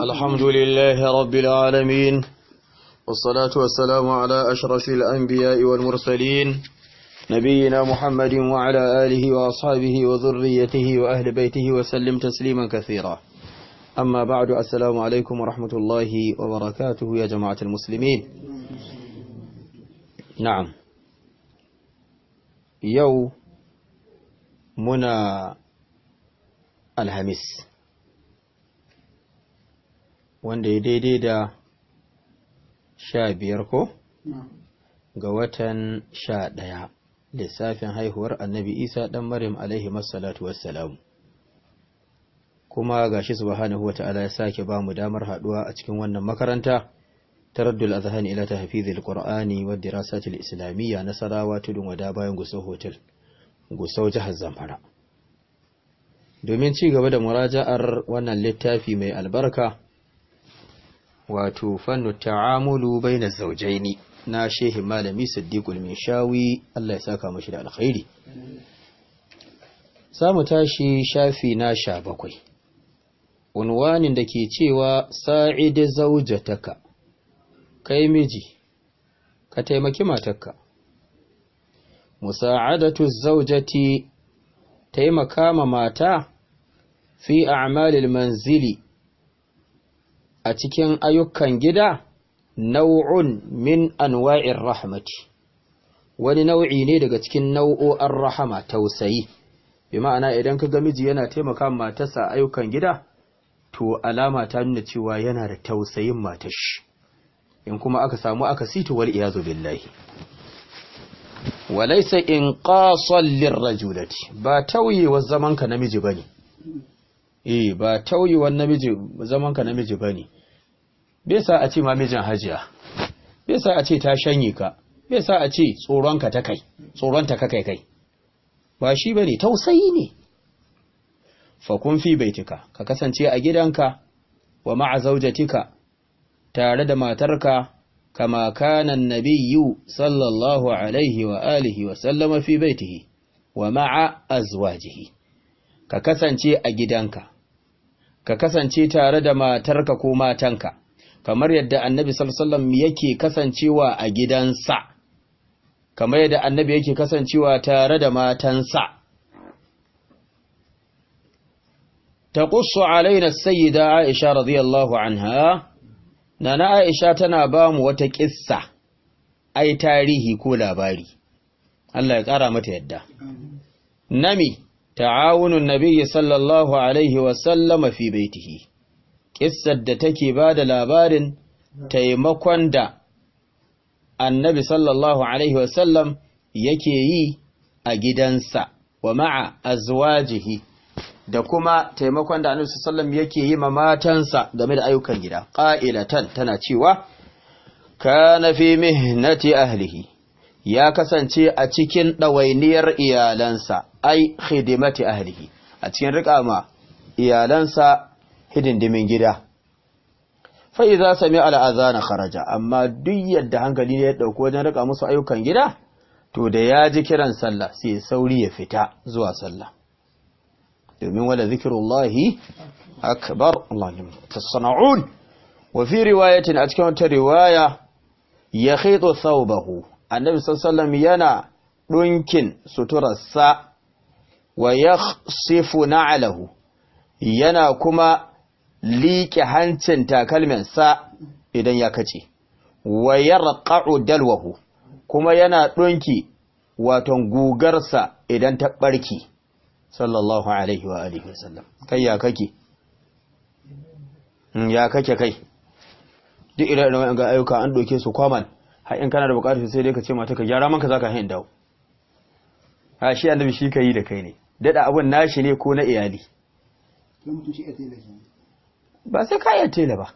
الحمد لله رب العالمين والصلاة والسلام على أشرف الأنبياء والمرسلين نبينا محمد وعلى آله وأصحابه وذريته وأهل بيته وسلم تسليما كثيرا أما بعد السلام عليكم ورحمة الله وبركاته يا جماعة المسلمين نعم يو منا الهمس wanda ya daidai da sha biyar ko ga watan sha ɗaya lissafin haihuwar annabi isa ɗan maryam alaihi masalatu wassalamu kuma ga gashi subhanahu ta'ala ya sake ba mu damar haɗuwa a cikin wannan makaranta taraddul hannu ila tahfizil qur'ani wa dirasatil islamiyya nasarawa tudun wada bayan gusau hotel gusau jihar zamfara domin ci gaba da muraja'ar wannan littafi mai albarka wato fannu ta'amulu zaujai ne, na shehi malami siddiqul minshawi Allah ya saka mashi da alkhairi samu tashi shafi na sha bakwai unwanin da ke cewa sa'id zaujataka kai miji ka taimaki matarka musa'adatu zaujati taimaka ma mata fi a'malil manzili a cikin ayyukan gida nau'un min anwa'ir rahmati wani nau'i ne daga cikin nau'o'an rahama tausayi bi ma'ana idan ka ga miji yana taimaka matarsa ayyukan gida to alama ta nuna cewa yana da tausayin matar shi in kuma aka samu aka sito wal iyazu billahi walaysa inqasan lirrajulati ba tauyewar zaman ka namiji bane e ba tauyewar namiji zaman ka namiji ne. bai sa a ce ma mijin hajiya bai sa a ce ta shanye ka bai sa a ce tsoronka ka ta kai tsoronta ka kai kai ba shi ne tausayi ne Fakon fi baitika ka kasance a gidanka wa ma'a zaujatika tare da matarka kama kana annabiyyu sallallahu alaihi wa alihi wa sallama fi baitihi wa ma'a azwajihi ka kasance a gidanka ka kasance tare da matarka ko matanka kamar yadda annabi sallallahu yake kasancewa a gidansa kamar yadda annabi yake kasancewa tare da matansa taqussu alaina sayyida aisha radiyallahu anha nana aisha tana ba mu wata kissa ai tarihi ko labari Allah ya kara mata yadda nami ta'awunun nabi sallallahu alaihi wasallama fi baitihi ƙissar da take ba da labarin taimakon da annabi sallallahu alaihi wasallam yake yi a gidansa wa ma'a azwajihi da kuma taimakon da annabi sallam yake yi ma matansa game da ayyukan gida qa'ilatan tana cewa kana fi mihnati ahlihi ya kasance a cikin ɗawainiyar iyalansa ai khidimati ahlihi a cikin rika ma iyalansa hidindimin gida fa idza sami'a al kharaja amma duk yadda hankali ne ya dauko wajen rika musu ayyukan gida to da ya ji kiran sallah sai sauri ya fita zuwa sallah domin wala zikrullahi akbar Allah tasna'un wa fi riwayatin a cikin wata riwaya ya khitu thawbahu annabi sallallahu alaihi wasallam yana dunkin suturarsa wa yakhsifu na'alahu yana kuma liƙe hancin takalminsa idan ya kace wa yarqa'u dalwahu kuma yana ɗunki waton gugarsa idan ta ɓarki sallallahu alaihi wa alihi wasallam kai ya kake hmm, ya kake kai duk irin an ga ayyuka an ɗauke su kwaman haƙin kana da buƙatar sai dai ka ce mata ka gyara manka za ka hain dawo a shi annabi shi ka yi da kai ne dada abin nashi ne ko na iyali ba sai ka iya tela ba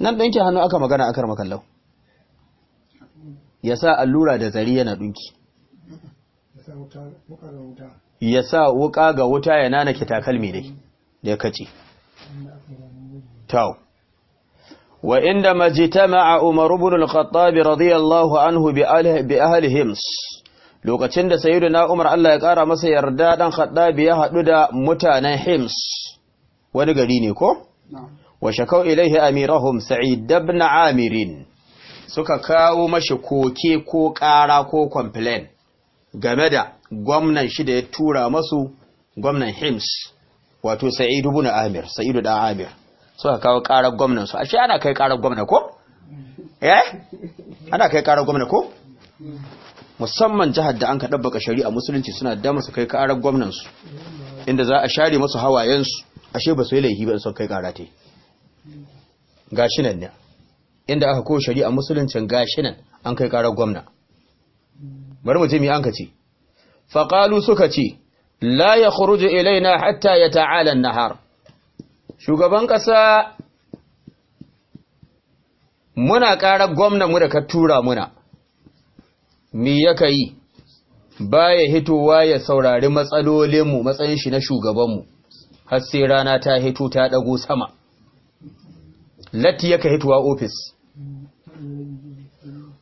nan ɗinki hannu aka magana akar makallau ya sa allura da zari yana ɗunki ya sa wuka ga wuta ya nanaki takalmi dai da ya kace tau وعندما اجتمع عمر بن الخطاب رضي الله عنه bi بأهل همس lokacin da sayyiduna Umar Allah ya ƙara masa yarda dan haɗa ya haɗu da mutanen Hims wani gari ne ko wa shakau ilaihi amirahum Sa'id ibn Amirin suka kawo mashi koke ko ƙara ko complain game da gwamnan shi da ya tura masu gwamnan Hims wato Sa'id ibn Amir Sa'id na Amir suka kawo ƙarar gwamnan su ashe ana kai ƙarar gwamna ko eh ana kai ƙarar gwamna ko musamman jihar da an ka ɗabbaka shari'a musulunci suna dama damar su kai ƙarar gwamnansu inda za a share masu hawayensu ashe ba su yi laifi ba su kai ƙara te gashi nan ne inda aka ko shari'a musuluncin gashi nan an kai ƙarar gwamna bari mu ji an ka ce Faƙalu suka ce la yakhruju ilaina hatta yata'ala na nahar shugaban ƙasa muna ƙarar gwamna mu da ka tura muna me yaka yi baya hitowa ya saurari matsalolinmu matsayin shi na shugabanmu har sai rana ta hito ta dago sama latti yaka hitowa ofis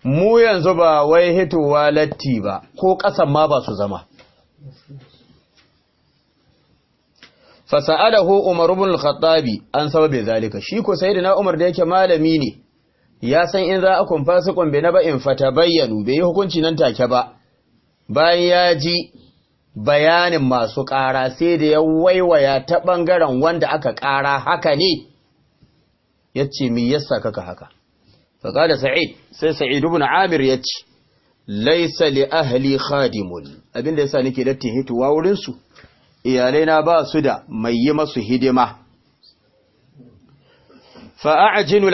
mu yanzu ba wai hitowa latti ba ko kasan ma ba su zama fasa'adahu umar bin al-khattabi an sababe zalika shi ko sayyidina umar da yake malami ne ya san in za a kumfa su kumbe na ba'in fata bayyanu bai yi hukunci nan take ba bayan ya ji bayanin masu ƙara sai da ya waiwaya ta ɓangaren wanda aka ƙara haka ne ya ce mi yasa kaka haka faƙa da sa'id sai sa'id ibn amir ya ce laisa li ahli khadimun abinda yasa nake dattin hituwa wurinsu iyalai na ba su da mai yi masu hidima fa'ajinu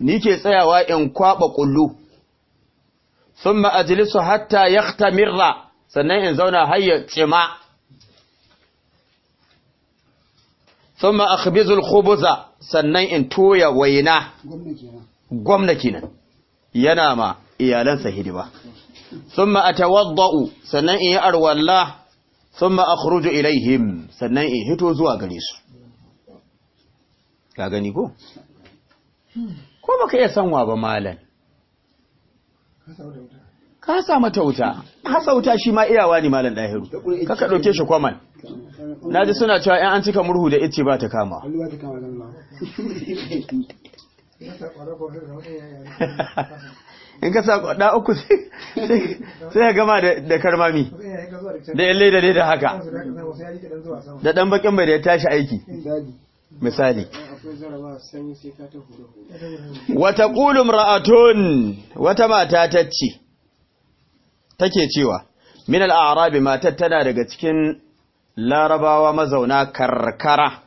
ni ke tsayawa in kwaɓa kullu sun ma'ajilisu hatta yakhtamirra sannan in zauna har ya tsima thumma akhbizu sannan in toya waina gwamna nan yana ma iyalansa hidima thumma atawaddau sannan in yi arwalla thumma akhruju ilaihim sannan in hito zuwa gare su ka gani ko ko baka iya sanwa ba malam ka sa mata wuta sa wuta shi ma iyawa ne malam dahiru kaka ɗauke shi kwaman na ji suna cewa ‘yan an cika murhu da ice ba ta kama in ka sa kwada uku sai ya gama da karmami da yalle da da haka da ɗan bakin bai da ya tashi aiki misali wata ƙulum ra'atun wata mata tacci take cewa min al'arabi matar tana daga cikin larabawa mazauna karkara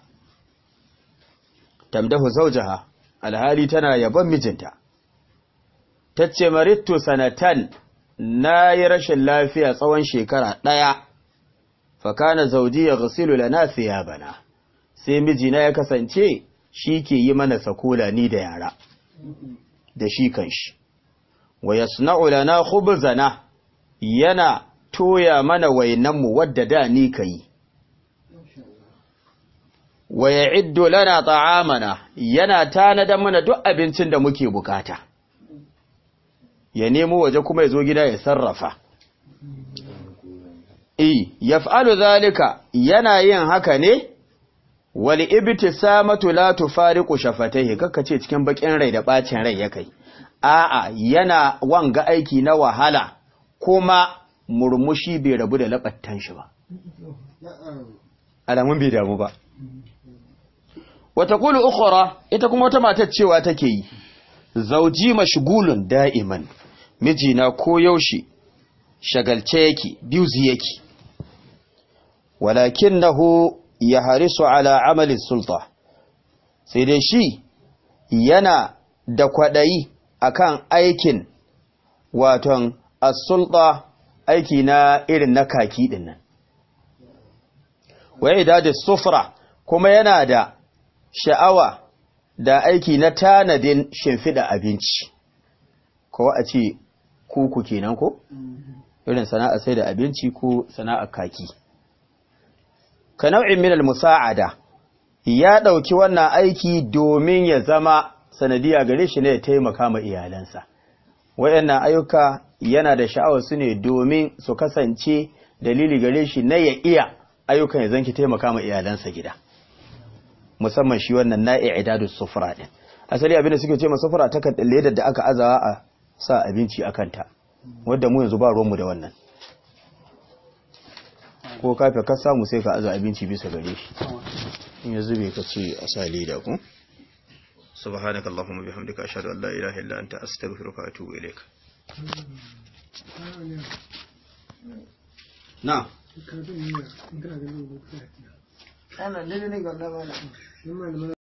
tamdahu zaujaha alhali tana yabon mijinta ta ce marittu sanatan na yi rashin lafiya tsawon shekara ɗaya fakana zauji ya gusilu lana bana sai mijina ya kasance shi ke yi mana sakola ni da yara da shi kanshi wa yasna'u lana khubzana yana toya mana wainanmu wadda da ni kai wa ya'iddu lana ta'amana yana tanada mana duk abincin da muke bukata ya nemo waje kuma ya zo gida ya sarrafa eh yaf'alu zalika yana yin haka ne wali samatu la tufariqu shafataihi kaka ce cikin bakin rai da bacin rai ya kai a'a yana wanga aiki na wahala kuma murmushi bai rabu da labattan shi ba alamun bai damu ba wata kulu ukhra ita kuma wata matar cewa take yi zauji mashgulun da'iman mijina ko yaushe shagalce yake busy yake walakinahu ya harisu ala amalin sulta sai dai shi yana da kwaɗayi akan aikin waton as-sulta aiki na irin na kaki din nan wai da sufra kuma yana da sha'awa da aiki na tanadin shimfiɗa abinci kowa a ce kuku kenan ko irin sana'a sai da abinci ko sana'a kaki ka nau'in min musaada ya ɗauki wannan aiki domin ya zama sanadiya gare shi ne ya taimaka ma iyalansa wayannan ayyuka yana da sha'awar su ne domin su kasance dalili gare shi na ya iya ayyukan ya zanki taimaka ma iyalansa gida musamman shi wannan na'i idadu sufra din asali abin abinda suke ce sufra ta ledar da aka azawa a sa abinci akanta wanda mu yanzu ba ruwanmu da wannan ko kafe ka samu sai ka aza abinci bisa gare shi in ya zube ka ce a sa leda ku subhanaka allahumma bihamdika ashhadu an la ilaha illa anta astaghfiruka wa atubu ilaik na kana ne ne ga Allah